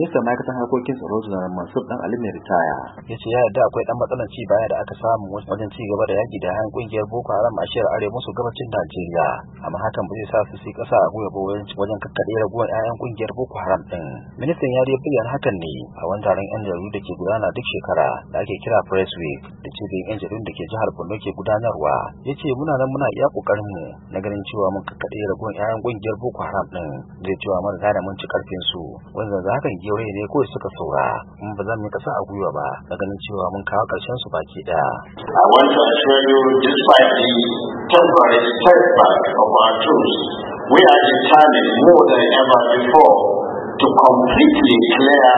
ministan ma'aikatan harkokin tsaro janar mansur dan ali mai ritaya ya ce ya yarda akwai dan matsalar ci baya da aka samu wajen ci gaba da yaki da 'ya'yan kungiyar boko haram a shirin arewa musu gabacin najeriya amma hakan ba zai sa su sai kasa a goya ba wajen kakkaɗe raguwar yayan kungiyar boko haram din ministan ya bayyana hakan ne a wani taron yan jaridu da ke gudana duk shekara da ake kira press week da cibiyar yan jaridun da ke jihar borno ke gudanarwa ya ce muna nan muna iya kokarin mu na ganin cewa mun kakkaɗe raguwar yayan kungiyar boko haram din zai cewa mana da mun ci karfin su wanda za hakan ne suka saura ba za mu kasa a gwiwa ba ganin cewa mun kawo su baki I want to assure you despite the temporary setback of our troops, we are determined more than ever before to completely clear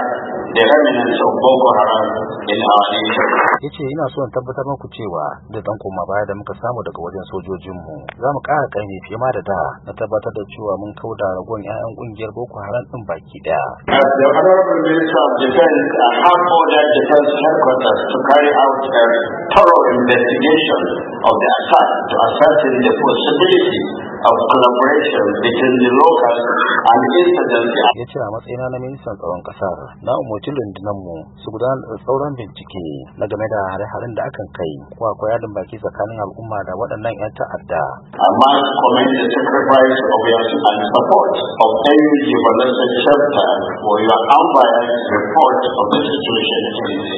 da remnants of Boko Haram in our nation. Ya ce ina son tabbatar muku cewa da dan koma baya da muka samu daga wajen sojojinmu za mu ƙara ƙaimi fiye ma da da na tabbatar da cewa mun kauda ragon 'ya'yan ƙungiyar Boko Haram ɗin baki ɗaya. As the Honorable Minister of Defense and Armed Border Defense Headquarters to carry out a thorough investigation of the attack to ascertain the possibility of collaboration between the locals and the insurgency. Ya ce a matsayina na ministan tsaron Kasar na umarci rundunar mu su gudanar da sauran bincike na game da hare-haren da akan kai ko akwai yadin baki tsakanin al'umma da waɗannan 'yan ta'adda. Amma commend the sacrifice of your and support of for your unbiased report of the situation in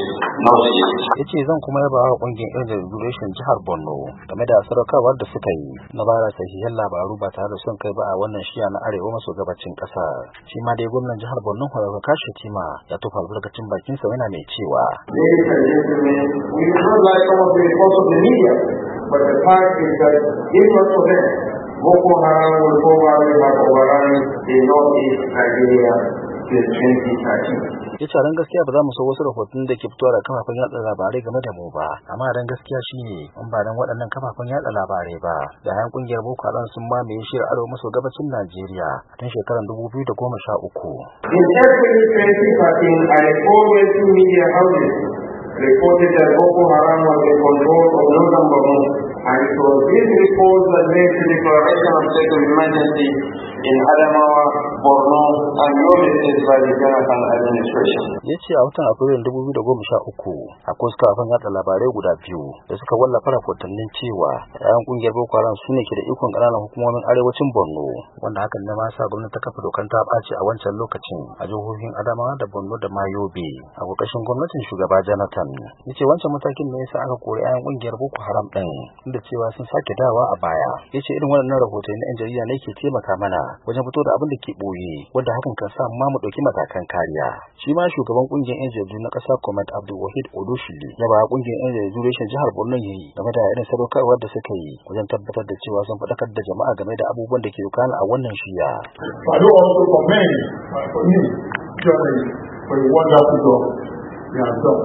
ya ce zan kuma yaba wa kungiyar irin regulation jihar borno game da sadaukarwar da suka yi na bara sahihan labaru ba tare da son kai ba a wannan shiya na arewa maso gabacin ƙasa shi ma dai gwamnan jihar borno kwarar kashe tima ta tofa albarkacin bakin sa yana mai cewa But the fact is that it was for Boko Haram will go around in Makwara in northeast Nigeria ya ce ran gaskiya ba za mu so wasu rahoton da ke fitowa da kafafen yatsa labarai game da mu ba amma ran gaskiya shi ne in ba dan waɗannan kafafen yatsa labarai ba da hayan kungiyar boko haram sun mamaye shi a arewa maso gabacin najeriya tun shekarar 2013 in every participating i always media houses reported that boko haram was in control of number borno and it was this report that made the declaration of state of emergency in Adamawa, Borno, and Yobe states by the kan administration. Ya ce a watan sha 2013 a wasu kafafen yada labarai guda biyu da suka wallafa rahotannin cewa yayan kungiyar Boko Haram su ne ke da ikon ƙananan hukumomin arewacin Borno wanda hakan na ma sa gwamnati ta kafa dokar ta ɓaci a wancan lokacin a jihohin Adamawa da Borno da Mayobe a ƙarƙashin gwamnatin shugaba Jonathan. Ya ce wancan matakin ne yasa aka kori yayan kungiyar Boko Haram ɗin inda cewa sun sake dawa a baya. Ya ce irin waɗannan rahotanni na 'yan jarida ne ke taimaka mana wajen fito da abin da ke ɓoye wanda hakan kan sa ma mu ɗauki matakan kariya shi ma shugaban ƙungiyar 'yan jaridu na ƙasa comment Abdul Wahid odoshili ya ba ƙungiyar 'yan jaridu reshen jihar Borno yayi game da irin sadaukarwar da suka yi wajen tabbatar da cewa sun faɗakar da jama'a game da abubuwan da ke kana a wannan shiya. for wonderful job have done.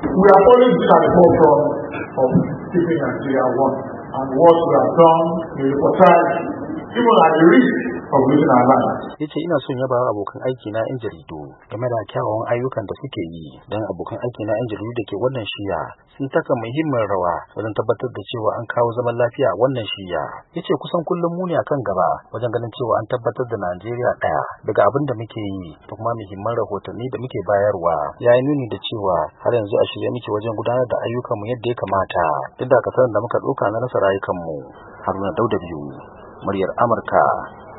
We are always been at the of keeping Nigeria one, and what we have done in the reportage, even at the risk ya ce ina son yaba abokan aiki na 'yan jaridu game da kyawawan ayyukan da suke yi don abokan aiki na 'yan jaridu da ke wannan shiya sun taka muhimmin rawa wajen tabbatar da cewa an kawo zaman lafiya a wannan shiya ya ce kusan kullum muni a kan gaba wajen ganin cewa an tabbatar da najeriya daya daga abin da muke yi da kuma muhimman rahotanni da muke bayarwa ya yi nuni da cewa har yanzu a shirye muke wajen gudanar da ayyukanmu yadda ya kamata duk da kasar da muka ɗauka na rasa rayukanmu haruna dauda biyu muryar amurka